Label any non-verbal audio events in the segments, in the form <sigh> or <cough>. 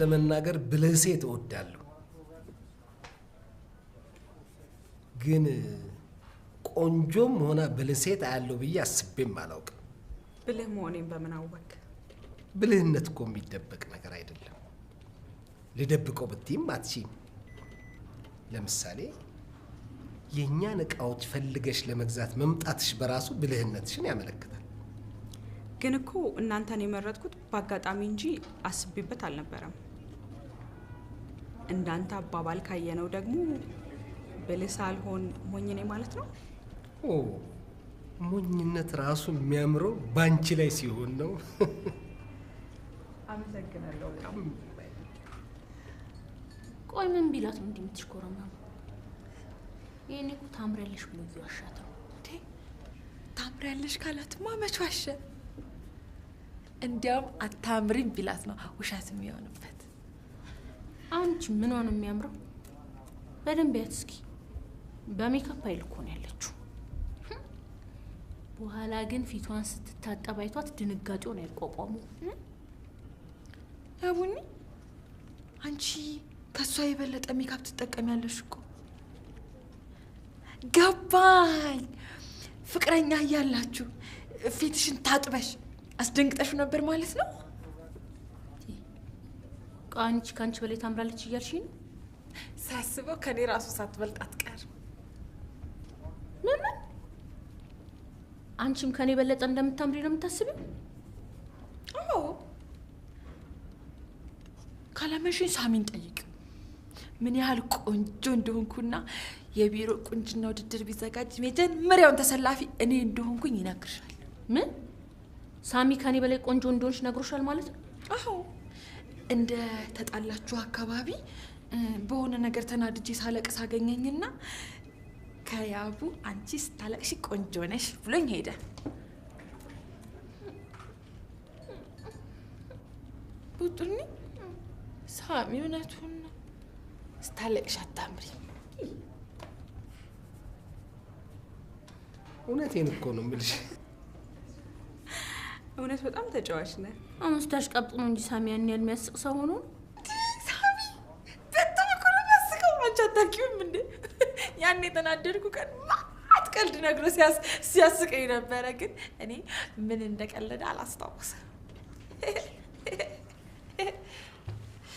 ለመናገር ብልህ ሴት እወዳለሁ፣ ግን ቆንጆም ሆነ ብልህ ሴት አያለሁ ብዬ አስቤም አላውቅም። ብልህ መሆኔን በምን አወቅ? ብልህነት እኮ የሚደበቅ ነገር አይደለም። ልደብቀው ብትይም አትችይም። ለምሳሌ የእኛን እቃዎች ፈልገሽ ለመግዛት መምጣትሽ በራሱ ብልህነትሽን ያመለክታል። ግን እኮ እናንተን የመረጥኩት በአጋጣሚ እንጂ አስቤበት አልነበረም። እንዳንተ አባባል ካየነው ደግሞ ብልህ ሳልሆን ሞኝ ነኝ ማለት ነው። ኦ ሞኝነት ራሱ የሚያምረው ባንቺ ላይ ሲሆን ነው። አመሰግናለሁ። ቆይ ምን ቢላት ነው እንዲህ የምትሽኮረመመው? የእኔ እኮ ታምሪያለሽ ብሎ እየዋሻት ነው። ታምሪያለሽ ካላትማ መች ዋሸ? እንዲያውም አታምሪም ቢላት ነው ውሸት የሚሆንበት። አንቺ ምን ነው የሚያምረው? በደንብ ያት እስኪ። በሜካፕ አይልኮ ነው ያለችው። በኋላ ግን ፊቷን ስትታጠብ አይቷት ድንጋጤውን ያቋቋመው አቡኒ አንቺ ከእሷ የበለጠ ሜካፕ ትጠቀሚያለሽ እኮ። ገባኝ። ፍቅረኛ እያላችሁ ፊትሽን ታጥበሽ አስደንግጠሽ ነበር ማለት ነው። አንቺ ከአንቺ በላይ ታምራለች እያልሽ ነው? ሳስበው ከኔ ራሱ ሳትበልጥ አትቀርም። ምን አንቺም ከኔ በለጠ እንደምታምሪ ነው የምታስቢው? አዎ፣ ካላመንሽኝ ሳሚን ጠይቅ። ምን ያህል ቆንጆ እንደሆንኩና የቢሮ ቁንጅና ውድድር ቢዘጋጅ መጀመሪያውን ተሰላፊ እኔ እንደሆንኩኝ ይነግርሻል። ምን ሳሚ ከኔ በላይ ቆንጆ እንደሆንሽ ነግሮሻል ማለት ነው? አዎ እንደ ተጣላችሁ አካባቢ በሆነ ነገር ተናድጄ ሳለቅስ አገኘኝና ከያቡ አንቺ ስታለቅሽ ቆንጆ ነሽ ብሎኝ ሄደ። ቡጡኒ ሳሚ፣ እውነቱን ነው። ስታለቅሽ አታምሪ። እውነቴን እኮ ነው የምልሽ። እውነት በጣም ተጫዋች ነህ። አሁን ስታሽቃብጥ ነው እንጂ ሳሚ ያን ያህል የሚያስቅ ሰው ሆኖ ሳሚ በጣም እኮ ነው የሚያስቀው። አንቺ አታውቂውም እንዴ? ያን የተናደድኩ ቀን ማት ቀልድ ነግሮ ሲያስቀኝ ነበረ፣ ግን እኔ ምን እንደቀለደ አላስታውስም።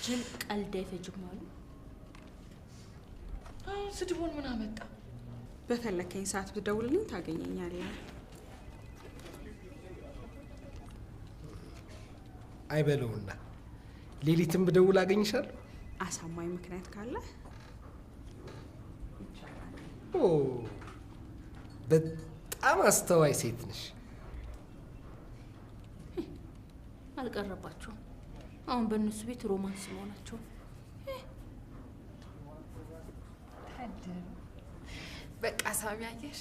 ጅል ቀልድ አይፈጅም አሉ። ስድቦን ምን አመጣ? በፈለከኝ ሰዓት ብደውልልኝ ታገኘኛለህ። አይበለውና ሌሊትም ብደውል አገኝሻለሁ። አሳማኝ ምክንያት ካለ በጣም አስተዋይ ሴት ነሽ። አልቀረባቸውም። አሁን በእነሱ ቤት ሮማንስ መሆናቸው በቃ ሳሚ አየሽ፣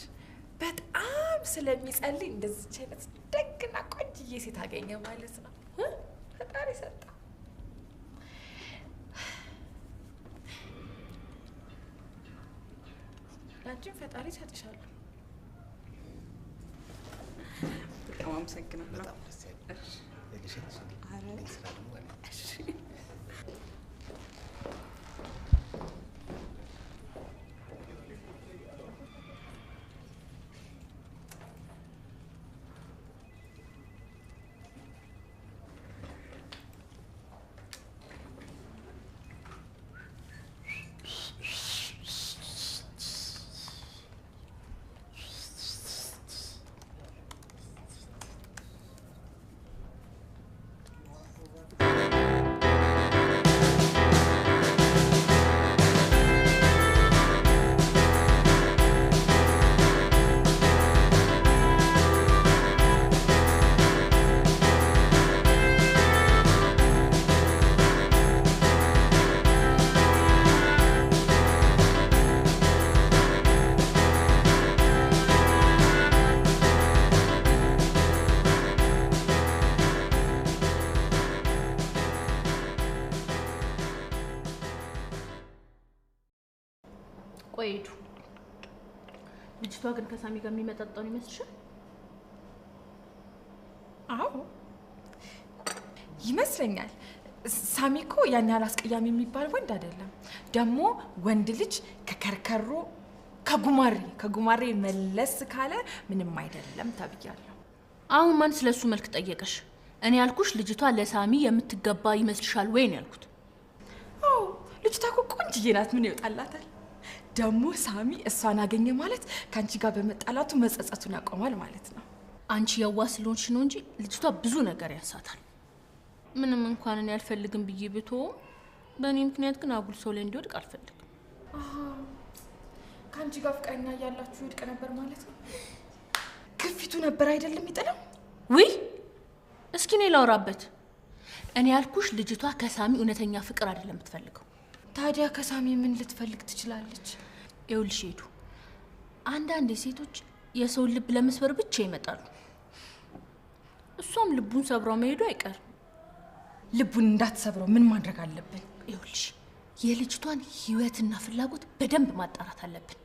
በጣም ስለሚጸልይ እንደዚች አይነት ደግና ቆንጅዬ ሴት አገኘ ማለት ነው። ፈጣሪ ሰጠ። ላንቺም ፈጣሪ ሰጥሻለሁ። በጣም አመሰግናለሁ። ልጅቷ ግን ከሳሚ ጋር ነው ይመስልሻል? አዎ ይመስለኛል። ሳሚ እኮ ያን ያህል አስቀያሚ የሚባል ወንድ አይደለም። ደግሞ ወንድ ልጅ ከከርከሮ ከጉማሬ ከጉማሬ መለስ ካለ ምንም አይደለም ተብያለሁ። አሁን ማን ስለ እሱ መልክ ጠየቀሽ? እኔ ያልኩሽ ልጅቷ ለሳሚ የምትገባ ይመስልሻል ወይ ነው ያልኩት። አዎ ልጅቷ እኮ ቆንጅዬ ናት። ምን ይወጣላታል? ደግሞ ሳሚ እሷን አገኘ ማለት ከአንቺ ጋር በመጣላቱ መጸጸቱን ያቆማል ማለት ነው። አንቺ የዋ ስለሆንሽ ነው እንጂ ልጅቷ ብዙ ነገር ያንሳታል። ምንም እንኳን እኔ አልፈልግም ብዬ ብቶ በእኔ ምክንያት ግን አጉል ሰው ላይ እንዲወድቅ አልፈልግም። ከአንቺ ጋር ፍቅረኛ እያላችሁ ይወድቅ ነበር ማለት ነው። ግፊቱ ነበር አይደለም ይጥለው። ውይ እስኪ እኔ ላውራበት። እኔ ያልኩሽ ልጅቷ ከሳሚ እውነተኛ ፍቅር አይደለም የምትፈልገው ታዲያ ከሳሚ ምን ልትፈልግ ትችላለች? ይኸውልሽ ሄዱ፣ አንዳንድ ሴቶች የሰውን ልብ ለመስበር ብቻ ይመጣሉ። እሷም ልቡን ሰብረው መሄዱ አይቀርም። ልቡን እንዳትሰብረው ምን ማድረግ አለብን? ይኸውልሽ የልጅቷን ህይወትና ፍላጎት በደንብ ማጣራት አለብን።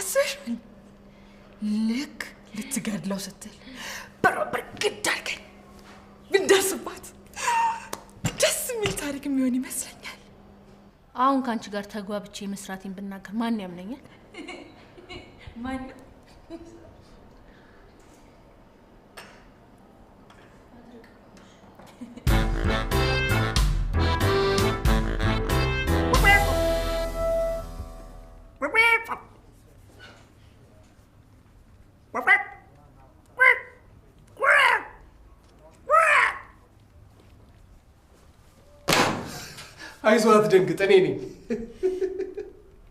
አስበሽ ልክ ልትገድለው ስትል በሮ ብርግድ አድርገን ደስ የሚል ታሪክ የሚሆን ይመስለኝ አሁን ከአንቺ ጋር ተግባብቼ መስራቴን ብናገር ማን ያምነኛል? ማንም አይዞህ አትደንግጥ፣ እኔ ነኝ።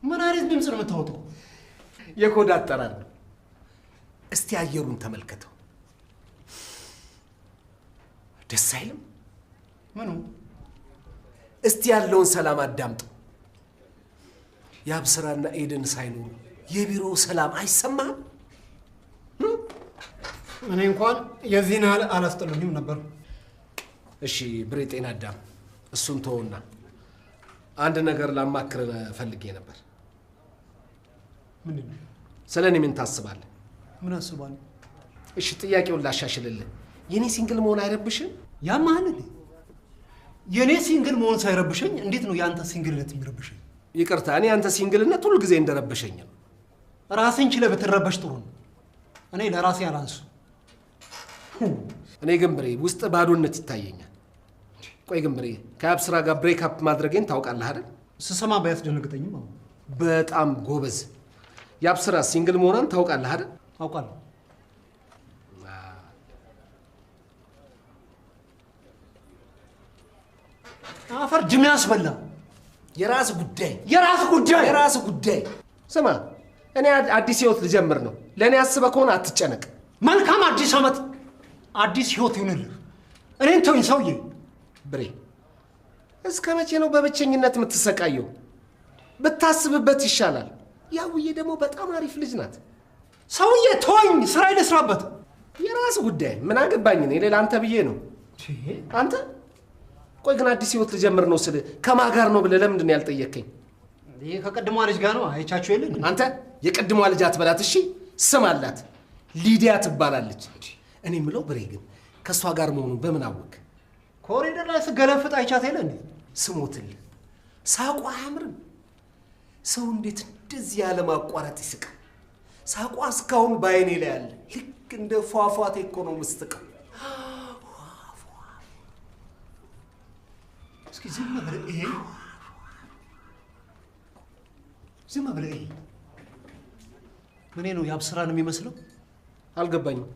ምን አይነት ድምፅ ነው የምታወጣው? የኮድ አጠራር ነው። እስቲ አየሩን ተመልከተው። ደስ አይልም? ምኑ? እስቲ ያለውን ሰላም አዳምጠው። የአብስራና ኤደን ሳይኖሩ የቢሮው ሰላም አይሰማም። እኔ እንኳን የዚህን ያህል አላስጠሉኝም ነበር። እሺ ብሬ ጤና አዳም፣ እሱን ተወውና አንድ ነገር ላማክር ፈልጌ ነበር። ስለ እኔ ምን ታስባለህ? ምን አስባለ? እሺ ጥያቄውን ላሻሽልልህ። የእኔ ሲንግል መሆን አይረብሽም? ያማህል የእኔ ሲንግል መሆን ሳይረብሸኝ እንዴት ነው የአንተ ሲንግልነት የሚረብሸኝ? ይቅርታ፣ እኔ አንተ ሲንግልነት ሁል ጊዜ እንደረበሸኝ ነው። ራስን ችለህ ብትረበሽ ጥሩ ነው። እኔ ለራሴ አላንሱ። እኔ ግን ብሬ ውስጥ ባዶነት ይታየኛል። ቆይ ግን ብሬ ከአብ ስራ ጋር ብሬክአፕ ማድረጌን ታውቃለህ አይደል? ስሰማ ባያስደነግጠኝም አሁን በጣም ጎበዝ። የአብ ስራ ሲንግል መሆኗን ታውቃለህ አይደል? ታውቃለሁ። አፈር ድሜ ያስበላ። የራስ ጉዳይ የራስ ጉዳይ የራስ ጉዳይ። ስማ እኔ አዲስ ህይወት ልጀምር ነው። ለእኔ አስበህ ከሆነ አትጨነቅ። መልካም አዲስ አመት፣ አዲስ ህይወት ይሁንልህ። እኔን ተውኝ ሰውዬ ብሬ እስከ መቼ ነው በብቸኝነት የምትሰቃየው? ብታስብበት ይሻላል። ያውዬ ደግሞ በጣም አሪፍ ልጅ ናት። ሰውዬ ተወኝ፣ ስራ ይለስራበት። የራስ ጉዳይ ምን አገባኝ ነው ሌላ አንተ ብዬ ነው አንተ። ቆይ ግን አዲስ ህይወት ልጀምር ነው ስል ከማን ጋር ነው ብለህ ለምንድን ነው ያልጠየከኝ? ይህ ከቀድሟ ልጅ ጋር ነው አይቻችሁ የለን አንተ። የቀድሟ ልጅ አትበላት እሺ። ስም አላት ሊዲያ ትባላለች። እኔ ምለው ብሬ ግን ከእሷ ጋር መሆኑ በምን አወቅ? ኮሪደር ላይ ስገለፍጥ አይቻት የለ እንዴ? ስሞትል ሳቋ አያምርም? ሰው እንዴት እንደዚህ ያለ ማቋረጥ ይስቃል? ሳቋ እስካሁን በአይኔ ላይ አለ። ልክ እንደ ፏፏቴ እኮ ነው የምትስቀው። እስኪ ዝም ብለህ ይሄ ዝም ብለህ ይሄ ምኔ ነው የአብስራን የሚመስለው? አልገባኝም።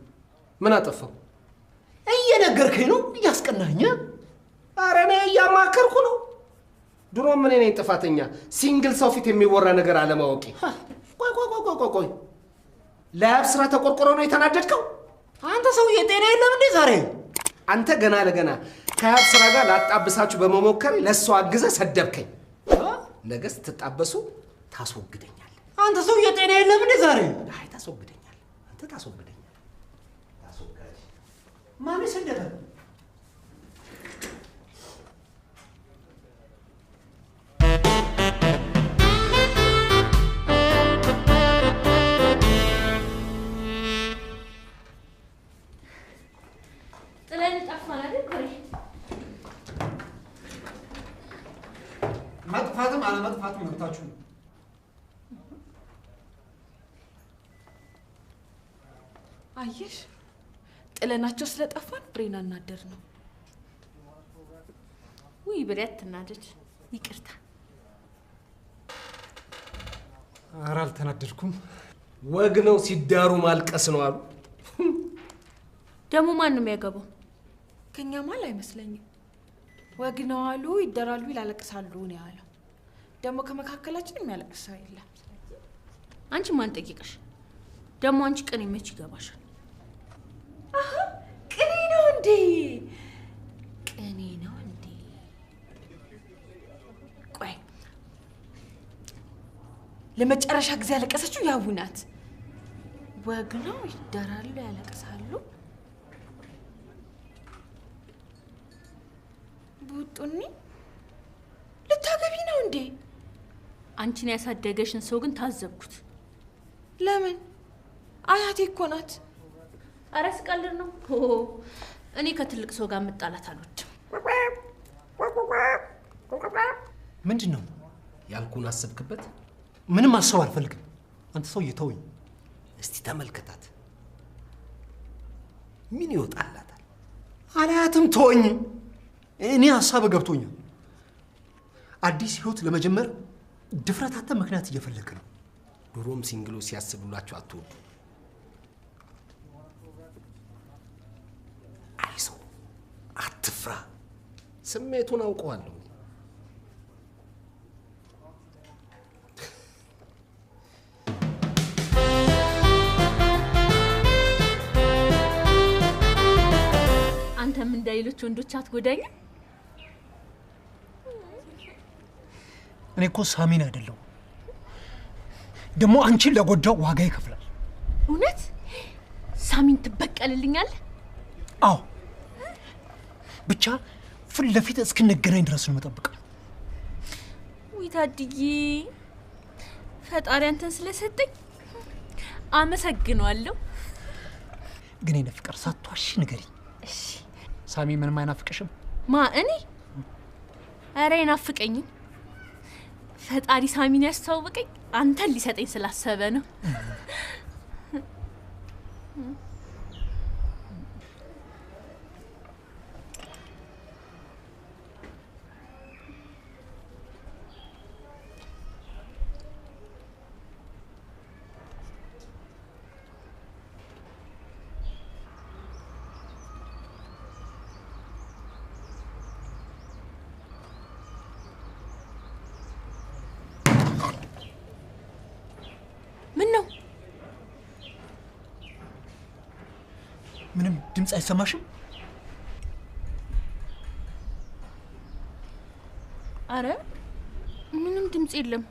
ምን አጠፋው? እየነገርከኝ ነው አስቀናኝ። አረ እኔ እያማከርኩ ነው። ድሮም እኔ ነኝ ጥፋተኛ፣ ሲንግል ሰው ፊት የሚወራ ነገር አለማወቂ። ቆይ ቆይ ቆይ ቆይ ቆይ፣ ለአብ ስራ ተቆርቆሮ ነው የተናደድከው? አንተ ሰውዬ ጤና የለም እንዴ ዛሬ? አንተ ገና ለገና ከአብ ስራ ጋር ላጣብሳችሁ በመሞከር ለእሱ አግዘ ሰደብከኝ። ነገ ስትጣበሱ ታስወግደኛል። አንተ ሰውዬ ጤና የለም እንዴ ዛሬ? አይ ታስወግደኛለህ። አንተ ታስወግደኛል። ታስወግደኛል። ማን ሰደበ? ጥለናቸው ስለጠፋን ብሬን አናደር ነው። ውይ ብሬት ትናደድ። ይቅርታ። ኧረ አልተናደድኩም። ወግ ነው ሲዳሩ ማልቀስ ነው አሉ። ደግሞ ማንም ያገባው ከኛ ማል አይመስለኝም። ወግ ነው አሉ፣ ይደራሉ፣ ይላለቅሳሉ ነው ያለው። ደግሞ ከመካከላችን የሚያለቅስ የለም። አንቺ ማን ጠይቀሽ? ደግሞ አንቺ ቀን መች ይገባሻል? ቅኔ ነው እንዴ? ቅኔ ነው እንዴ? ቆይ ለመጨረሻ ጊዜ ያለቀሰችው ያው ናት። ወግ ነው፣ ይደራሉ ያለቅሳሉ። ቡጡኒ ልታገቢ ነው እንዴ? አንቺን ያሳደገሽን ሰው ግን ታዘብኩት። ለምን? አያቴ እኮ ናት። አረ ስቀልድ ነው። እኔ ከትልቅ ሰው ጋር መጣላት አልወድም። ምንድን ነው ያልኩን? አሰብክበት? ምንም አሰብ አልፈልግም። አንተ ሰው እየተውኝ። እስቲ ተመልከታት፣ ምን ይወጣላታል? አላያትም። ተወኝ። እኔ ሀሳብ ገብቶኛል። አዲስ ህይወት ለመጀመር ድፍረት አተ ምክንያት እየፈለግ ነው። ድሮም ሲንግሎ ሲያስብላቸው አትወዱ አትፍራ። ስሜቱን አውቀዋለሁ። አንተም እንደ ሌሎች ወንዶች አትጎዳኝም። እኔ እኮ ሳሚን አይደለሁ ደግሞ አንቺን ለጎዳው ዋጋ ይከፍላል። እውነት ሳሚን ትበቀልልኛል? አዎ ብቻ ፊት ለፊት እስክንገናኝ ድረስ ነው ውይ ታድዬ፣ ፈጣሪ አንተን ስለሰጠኝ አመሰግናለሁ። ግን የእኔ ፍቅር ሳትዋሺ ንገሪኝ። እሺ ሳሚ፣ ምንም አይናፍቅሽም? ማ እኔ? ኧረ አይናፍቀኝም። ፈጣሪ ሳሚን ያስተዋወቀኝ አንተን ሊሰጠኝ ስላሰበ ነው። ድምፅ አይሰማሽም? አረ ምንም ድምፅ የለም።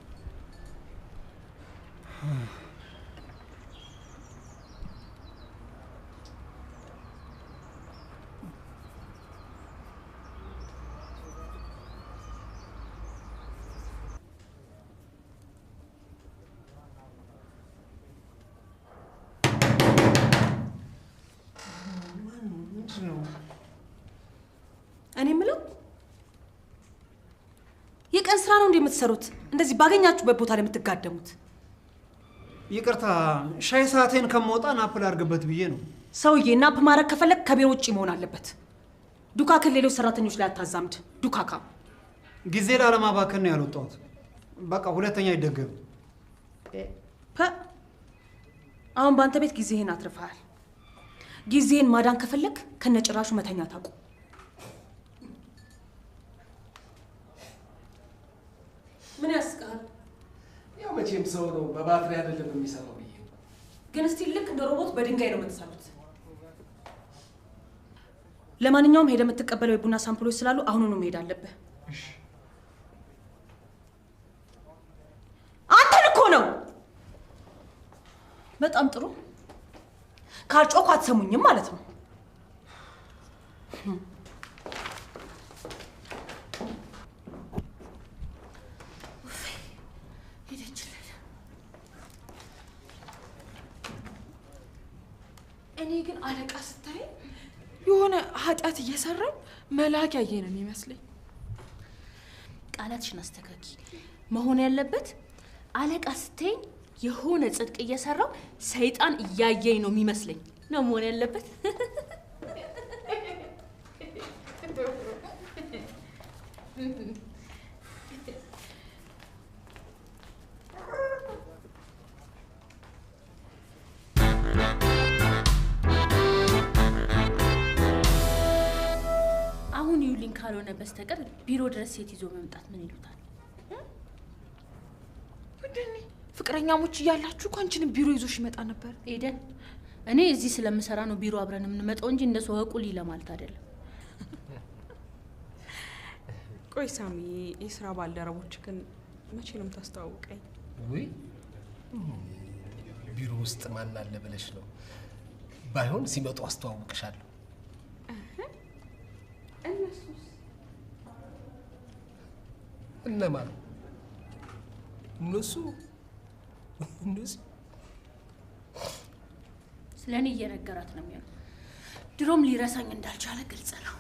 ነው እንዴ የምትሰሩት? እንደዚህ ባገኛችሁበት ቦታ ላይ የምትጋደሙት? ይቅርታ ሻይ ሰዓቴን ከመውጣ ናፕ ላርግበት ብዬ ነው። ሰውዬ ናፕ ማድረግ ከፈለግ ከቢሮ ውጭ መሆን አለበት። ዱካክን ሌሎች ሰራተኞች ላይ አታዛምድ። ዱካካ ጊዜ ላለማባከን ነው ያልወጣሁት። በቃ ሁለተኛ ይደገም። አሁን በአንተ ቤት ጊዜህን አትርፈሃል። ጊዜህን ማዳን ከፈለግ ከነጭራሹ መተኛ ታቁ ምን ያስቃል? ያው መቼም ሰው ነው በባትሪ አይደለም የሚሰራው ብዬ ግን እስቲ ልክ እንደ ሮቦት በድንጋይ ነው የምትሰሩት። ለማንኛውም ሄደ የምትቀበለው የቡና ሳምፕሎች ስላሉ አሁኑኑ መሄድ አለብህ። አንተን እኮ ነው። በጣም ጥሩ። ካልጮኩ አትሰሙኝም ማለት ነው። እኔ ግን አለቃ ስታይ የሆነ ኃጢአት እየሰራን መልአክ ነው የሚመስለኝ። ቃላትሽን አስተካኪ። መሆን ያለበት አለቃ ስታይ የሆነ ጽድቅ እየሰራው ሰይጣን እያየኝ ነው የሚመስለኝ ነው መሆን ያለበት። <laughs> ድረስ ሴት ይዞ መምጣት ምን ይሉታል? ውድኔ ፍቅረኛሞች እያላችሁ እኮ አንቺንም ቢሮ ይዞሽ ይመጣ ነበር። ኤደን፣ እኔ እዚህ ስለምሰራ ነው ቢሮ አብረን የምንመጣው እንጂ እንደ ሰው እቁሊ ለማለት አይደለም። <laughs> ቆይ ሳሚ፣ የስራ ባልደረቦች ግን መቼ ነው የምታስተዋውቀኝ? ውይ ቢሮ ውስጥ ማን አለ ብለሽ ነው? ባይሆን ሲመጡ አስተዋውቅሻለሁ። እነማ ነው እነሱ? ስለ እኔ እየነገራት ነው የሚሆነው። ድሮም ሊረሳኝ እንዳልቻለ ግልጽ ነው።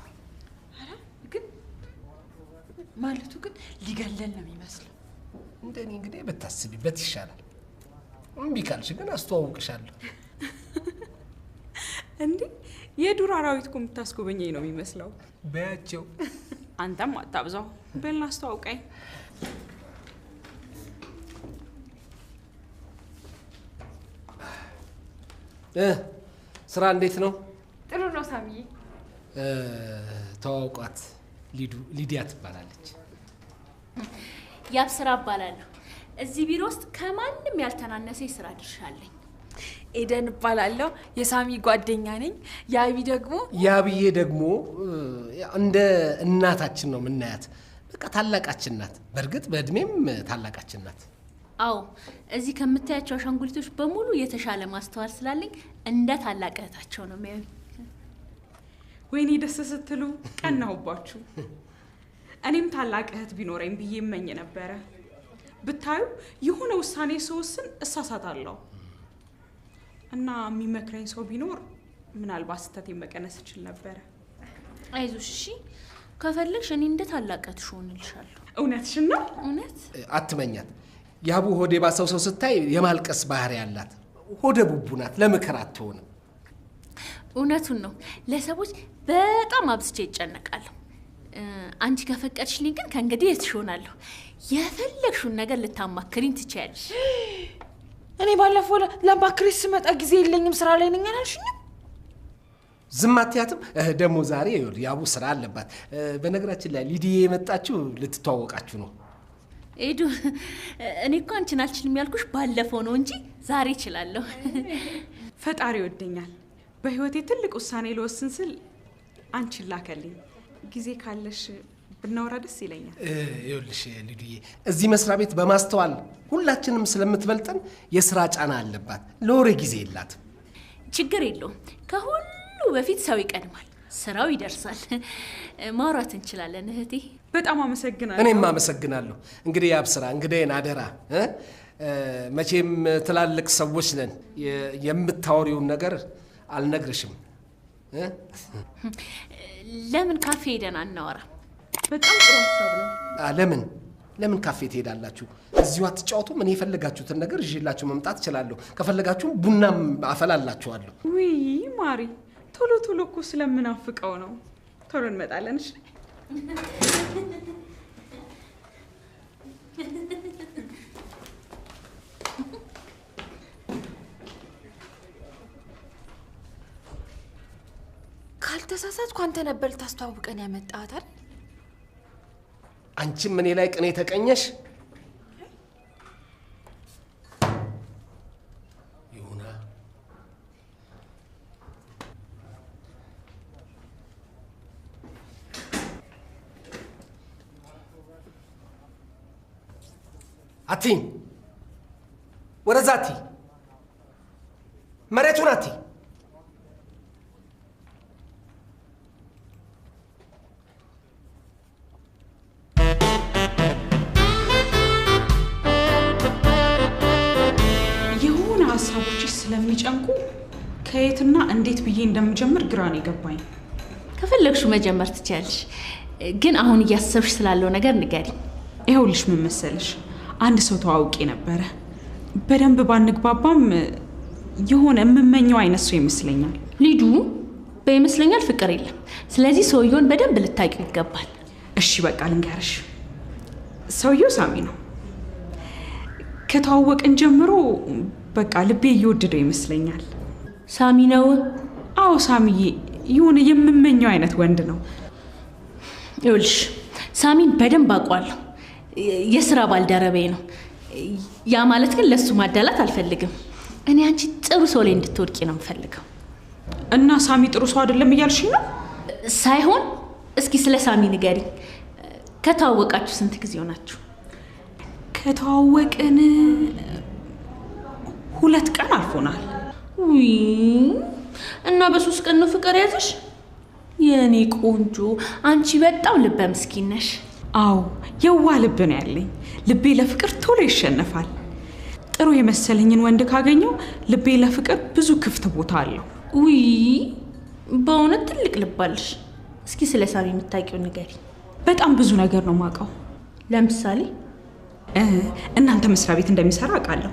ግን ማለቱ ግን ሊገለል ነው የሚመስለው። እንደኔ እንግዲህ ብታስቢበት ይሻላል። እምቢ ካልሽ ግን አስተዋውቅሻለሁ። እንዴ የዱር አራዊት እኮ የምታስጎበኘኝ ነው የሚመስለው። በያቸው አንተም አታብዛው ብልን አስተዋውቀኝ። ስራ እንዴት ነው? ጥሩ ነው ሳሚዬ። ተዋውቋት፣ ሊዲያ ትባላለች። ያብ ስራ እባላለሁ። እዚህ ቢሮ ውስጥ ከማንም ያልተናነሰ የስራ ድርሻ አለኝ። ኤደን እባላለሁ። የሳሚ ጓደኛ ነኝ። የአቢ ደግሞ የአብዬ ደግሞ እንደ እናታችን ነው የምናያት። በቃ ታላቃችን ናት። በእርግጥ በእድሜም ታላቃችን ናት። አዎ እዚህ ከምታያቸው አሻንጉሊቶች በሙሉ የተሻለ ማስተዋል ስላለኝ እንደ ታላቅ እህታቸው ነው ሚያዩ። ወይኔ ደስ ስትሉ ቀናሁባችሁ። እኔም ታላቅ እህት ቢኖረኝ ብዬ እመኝ ነበረ። ብታዩ የሆነ ውሳኔ ስወስን እሳሳታለሁ። እና የሚመክረኝ ሰው ቢኖር ምናልባት ስህተቴን መቀነስ እችል ነበረ። አይዞሽ፣ እሺ ከፈለግሽ እኔ እንደ ታላቀትሽ ሆንልሻለሁ። እውነትሽን ነው። እውነት አትመኛት። ያቡ ሆዴ ባሰው ሰው ስታይ የማልቀስ ባህሪ ያላት ሆደ ቡቡ ናት። ለምክር አትሆንም። እውነቱን ነው። ለሰዎች በጣም አብዝቼ ይጨነቃለሁ። አንቺ ከፈቀድሽልኝ ግን ከእንግዲህ የትሽ ሆናለሁ። የፈለግሽውን ነገር ልታማክሪኝ ትችያለሽ። እኔ ባለፈው ለባክሬስ ስመጣ ጊዜ የለኝም ስራ ላይ ነኝ አላልሽኝም? ዝም አትያትም። ደግሞ ዛሬ ያቡ ስራ አለባት። በነገራችን ላይ ሊዲዬ የመጣችው ልትተዋወቃችሁ ነው። ኤዱ፣ እኔ እኮ አንቺን አልችልም ያልኩሽ ባለፈው ነው እንጂ ዛሬ እችላለሁ። ፈጣሪ ይወደኛል። በህይወቴ ትልቅ ውሳኔ ልወስን ስል አንቺን ላከልኝ። ጊዜ ካለሽ ብናወራ ደስ ይለኛል። ይኸውልሽ ልዱዬ፣ እዚህ መስሪያ ቤት በማስተዋል ሁላችንም ስለምትበልጠን የስራ ጫና አለባት፣ ለወሬ ጊዜ የላት ችግር የለውም። ከሁሉ በፊት ሰው ይቀድማል፣ ስራው ይደርሳል። <laughs> ማውራት እንችላለን እህቴ። በጣም አመሰግናለሁ። እኔም አመሰግናለሁ። እንግዲህ ያብስራ እንግዳዬን አደራ። መቼም ትላልቅ ሰዎች ነን፣ የምታወሪውን ነገር አልነግርሽም። ለምን ካፌ ሄደን አናወራም? በጣም ጥሩ ሀሳብ ነው። ለምን ለምን ካፌ ትሄዳላችሁ? እዚሁ አትጫወቱም? እኔ የፈለጋችሁትን ነገር ይዤላችሁ መምጣት እችላለሁ። ከፈለጋችሁም ቡናም አፈላላችኋለሁ። ውይ ማሪ፣ ቶሎ ቶሎ እኮ ስለምናፍቀው ነው። ቶሎ እንመጣለን። እሺ ካልተሳሳትኩ አንተ ነበር ልታስተዋውቀን ያመጣታል አንቺም እኔ ላይ ቅኔ ተቀኘሽ? ይሁና። አትይኝ፣ ወደዛ አቲ መሬቱን አትይ እንዴት ብዬ እንደምጀምር ግራን የገባኝ። ከፈለግሹ መጀመር ትችያለሽ፣ ግን አሁን እያሰብሽ ስላለው ነገር ንገሪ። ይኸውልሽ ምን መሰለሽ፣ አንድ ሰው ተዋውቄ ነበረ። በደንብ ባንግባባም የሆነ የምመኘው አይነት ሰው ይመስለኛል። ሊዱ በይመስለኛል ፍቅር የለም። ስለዚህ ሰውየውን በደንብ ልታውቂው ይገባል። እሺ በቃ ልንገርሽ፣ ሰውየው ሳሚ ነው። ከተዋወቅን ጀምሮ በቃ ልቤ እየወደደው ይመስለኛል። ሳሚ ነው? አዎ ሳሚዬ፣ የሆነ የምመኘው አይነት ወንድ ነው። ይኸውልሽ ሳሚን በደንብ አውቀዋለሁ። የስራ ባልደረቤ ነው። ያ ማለት ግን ለእሱ ማዳላት አልፈልግም። እኔ አንቺ ጥሩ ሰው ላይ እንድትወድቂ ነው የምፈልገው። እና ሳሚ ጥሩ ሰው አይደለም እያልሽ ነው? ሳይሆን እስኪ ስለ ሳሚ ንገሪ ከተዋወቃችሁ ስንት ጊዜ ሆናችሁ? ከተዋወቅን ሁለት ቀን አልፎናል። እና በሶስት ቀን ነው ፍቅር ያዘሽ? የእኔ ቆንጆ አንቺ በጣም ልበ ምስኪን ነሽ። አዎ የዋ ልብ ነው ያለኝ። ልቤ ለፍቅር ቶሎ ይሸነፋል። ጥሩ የመሰለኝን ወንድ ካገኘው ልቤ ለፍቅር ብዙ ክፍት ቦታ አለው። ውይ በእውነት ትልቅ ልብ እስኪ ስለ ሳሚ የምታውቂው ንገሪ። በጣም ብዙ ነገር ነው የማውቀው። ለምሳሌ እናንተ መስሪያ ቤት እንደሚሰራ አውቃለሁ።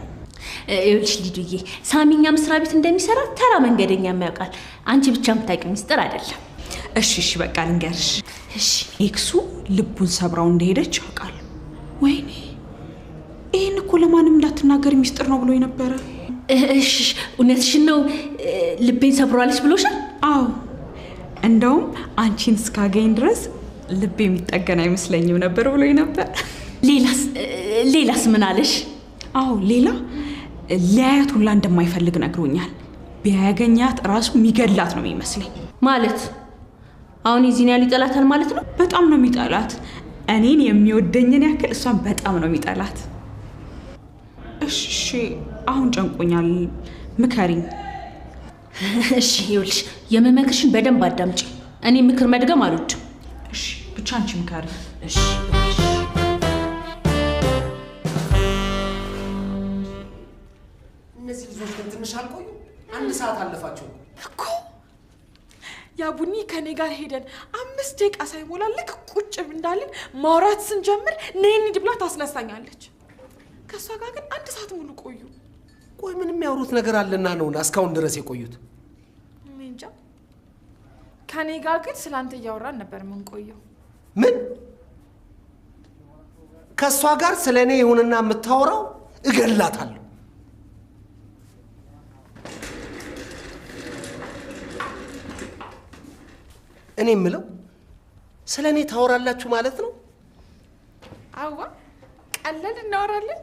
ይኸውልሽ ሊዱዬ ሳሚኛ መስሪያ ቤት እንደሚሰራ ተራ መንገደኛ ያውቃል። አንቺ ብቻ የምታውቂው ሚስጥር አይደለም። እሺ እሺ፣ በቃ ልንገርሽ። እሺ ኤክሱ ልቡን ሰብራው እንደሄደች ያውቃል። ወይኔ ይህን እኮ ለማንም እንዳትናገር ሚስጥር ነው ብሎ ነበረ። እሺ እውነትሽን ነው ልቤን ሰብሯለች ብሎሻል? አዎ እንደውም አንቺን እስካገኝ ድረስ ልቤ የሚጠገን አይመስለኝም ነበር ብሎ ነበር። ሌላስ ሌላስ ምን አለሽ? አዎ ሌላ ሊያያት ሁላ እንደማይፈልግ ነግሮኛል። ቢያገኛት ራሱ የሚገላት ነው የሚመስለኝ። ማለት አሁን የዚህን ያህል ይጠላታል ማለት ነው? በጣም ነው የሚጠላት። እኔን የሚወደኝን ያክል እሷን በጣም ነው የሚጠላት። እሺ አሁን ጨንቆኛል፣ ምከሪኝ። እሺ ይኸውልሽ፣ የምመክርሽን በደንብ አዳምጪ። እኔ ምክር መድገም አልወድም። እሺ ብቻ አንቺ ምከሪ። እሺ ትንሽ አልቆዩ፣ አንድ ሰዓት አለፋቸው እኮ። ያ ቡኒ ከኔ ጋር ሄደን አምስት ደቂቃ ሳይሞላ ልክ ቁጭ እንዳለን ማውራት ስንጀምር ነይ እንሂድ ብላ ታስነሳኛለች። ከእሷ ጋር ግን አንድ ሰዓት ሙሉ ቆዩ። ቆይ ምን የሚያወሩት ነገር አለና ነው እስካሁን ድረስ የቆዩት? እንጃ። ከኔ ጋር ግን ስለ አንተ እያወራን ነበር ምን ቆየው? ምን ከእሷ ጋር ስለ እኔ ይሁንና የምታወራው? እገላታለሁ እኔ የምለው ስለ እኔ ታወራላችሁ ማለት ነው? አዋ ቀለል እናወራለን።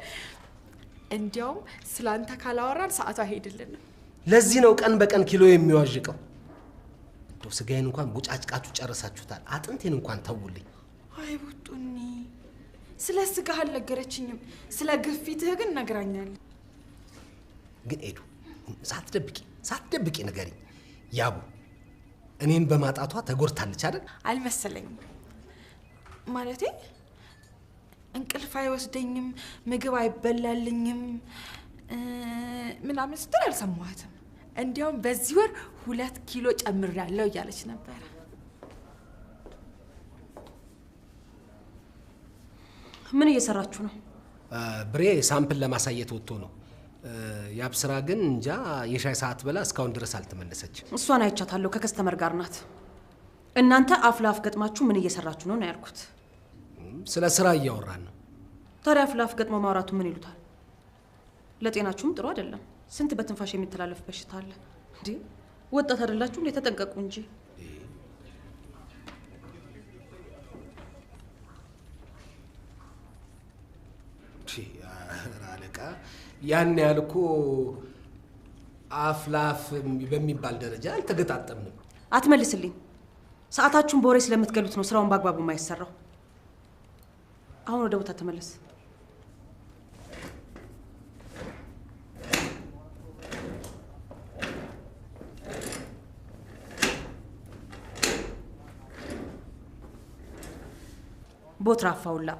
እንዲያውም ስለ አንተ ካላወራን ሰዓቱ አይሄድልንም። ለዚህ ነው ቀን በቀን ኪሎ የሚዋዥቀው። እንደው ስጋዬን እንኳን ቡጫጭቃችሁ ጨርሳችሁታል። አጥንቴን እንኳን ተውልኝ። አይ ቡጡኒ፣ ስለ ስጋህ አልነገረችኝም። ስለ ግፊትህ ግን ነግራኛል። ግን ኤዱ ሳትደብቂ ሳትደብቂ ንገሪኝ ያቡ እኔን በማጣቷ ተጎድታለች አይደል? አልመሰለኝም። ማለቴ እንቅልፍ አይወስደኝም፣ ምግብ አይበላልኝም ምናምን ስትል አልሰማኋትም። እንዲያውም በዚህ ወር ሁለት ኪሎ ጨምሬያለሁ እያለች ነበረ። ምን እየሰራችሁ ነው? ብሬ ሳምፕል ለማሳየት ወጥቶ ነው። ያብስራ ግን እንጃ የሻይ ሰዓት ብላ እስካሁን ድረስ አልተመለሰች። እሷን አይቻታለሁ፣ ከከስተመር ጋር ናት። እናንተ አፍላፍ ገጥማችሁ ምን እየሰራችሁ ነው ነው ያልኩት። ስለ ስራ እያወራን ነው። ታዲያ አፍላፍ ገጥሞ ማውራቱ ምን ይሉታል? ለጤናችሁም ጥሩ አይደለም። ስንት በትንፋሽ የሚተላለፍ በሽታ አለ እንዴ! ወጣት አይደላችሁ እንዴ? ተጠንቀቁ እንጂ ያን ያህል እኮ አፍላፍ በሚባል ደረጃ አልተገጣጠምንም። አትመልስልኝ። ሰዓታችሁን በወሬ ስለምትገሉት ነው ስራውን በአግባቡ የማይሰራው። አሁን ወደ ቦታ ተመለስ። ቦትራፋውላ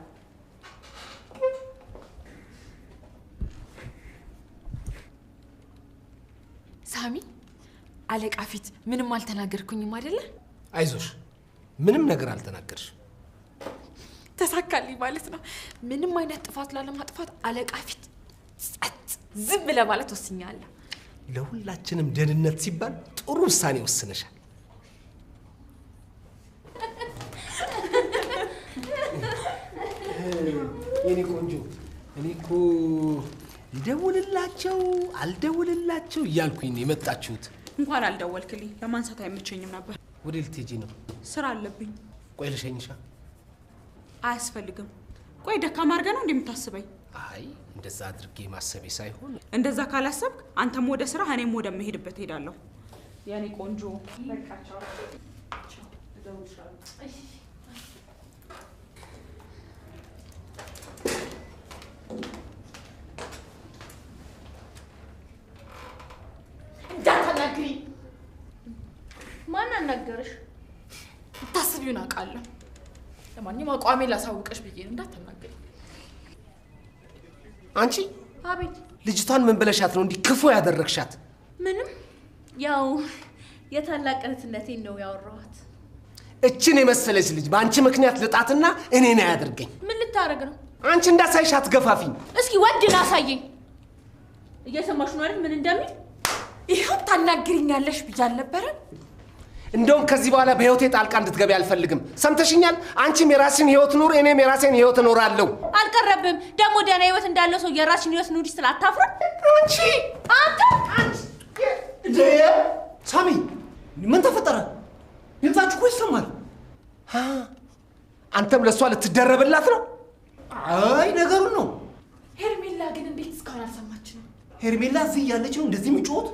አለቃ ፊት ምንም አልተናገርኩኝም አይደለ? አይዞሽ፣ ምንም ነገር አልተናገርሽ። ተሳካልኝ ማለት ነው። ምንም አይነት ጥፋት ላለማጥፋት አለቃ ፊት ጸጥ ዝም ለማለት ወስኛለሁ። ለሁላችንም ደህንነት ሲባል ጥሩ ውሳኔ ወስነሻል። የኔ ቆንጆ እኔ እኮ ልደውልላቸው አልደውልላቸው እያልኩኝ ነው የመጣችሁት። እንኳን አልደወልክልኝ፣ ለማንሳት አይመቸኝም ነበር። ወደ ልትሄጂ ነው? ስራ አለብኝ። ቆይ ልሸኝሻ። አያስፈልግም። ቆይ ደካማ አድርገህ ነው እንደምታስበኝ? አይ እንደዛ አድርጌ ማሰቤ ሳይሆን፣ እንደዛ ካላሰብክ አንተም ወደ ስራ እኔም ወደ መሄድበት ሄዳለሁ። የኔ ቆንጆ በቃ ነገርሽ? ታስቢውን አውቃለሁ። ለማንኛውም አቋሜን ላሳውቀሽ ብዬ ነው። እንዳትናገሪ። አንቺ አቤት። ልጅቷን ምን ብለሻት ነው እንዲህ ክፉ ያደረግሻት? ምንም፣ ያው የታላቅ እህትነቴን ነው ያወራኋት። እችን የመሰለች ልጅ በአንቺ ምክንያት ልጣትና እኔን አያደርገኝ። ምን ልታደርግ ነው? አንቺ እንዳሳይሽ አትገፋፊኝ። እስኪ ወንድ ላሳየኝ። እየሰማሽ ነው አይደል? ምን እንደሚል ይኸው ታናግሪኛለሽ ብዬ አልነበረም? እንደውም ከዚህ በኋላ በህይወቴ ጣልቃ እንድትገቢ አልፈልግም። ሰምተሽኛል? አንቺም የራስሽን ህይወት ኑር፣ እኔም የራሴን ህይወት እኖራለሁ። አልቀረብም ደግሞ ደህና ህይወት እንዳለው ሰው የራስሽን ህይወት ኑሪ ስል አታፍርም? አንቺ አንተ ሳሚ፣ ምን ተፈጠረ? ድምፃችሁ እኮ ይሰማል። አንተም ለእሷ ልትደረብላት ነው? አይ ነገሩን ነው። ሄርሜላ ግን እንዴት እስካሁን አልሰማችንም? ሄርሜላ እዚህ እያለች ነው እንደዚህ ምጮት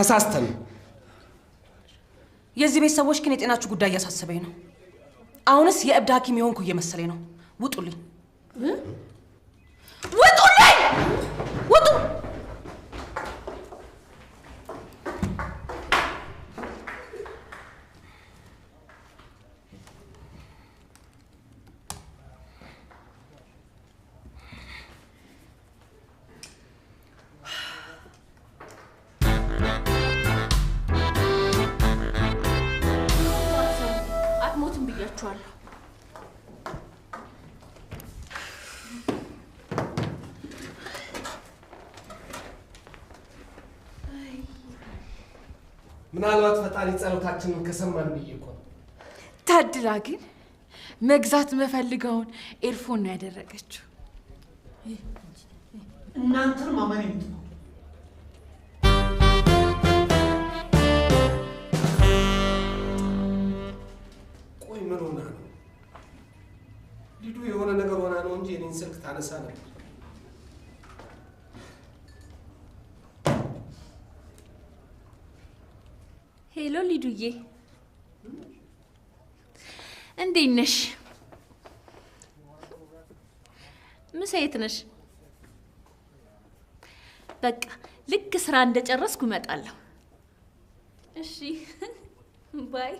ተሳስተን። የዚህ ቤት ሰዎች ግን የጤናችሁ ጉዳይ እያሳሰበኝ ነው። አሁንስ የእብድ ሐኪም የሆንኩ እየመሰለኝ ነው። ውጡልኝ! ውጡልኝ! ውጡ! እወዳችኋለሁ። ምናልባት ፈጣሪ ጸሎታችንን ከሰማን ብዬ እኮ ነው። ታድላ ግን መግዛት መፈልገውን ኤርፎን ነው ያደረገችው። እናንተን ማመን የምትነ ምን ሆና ነው? ሊዱ የሆነ ነገር ሆና ነው እንጂ እኔን ስልክ ታነሳ ነበር። ሄሎ ሊዱዬ፣ እንዴት ነሽ? ምሳ የት ነሽ? በቃ ልክ ስራ እንደጨረስኩ እመጣለሁ። እሺ ባይ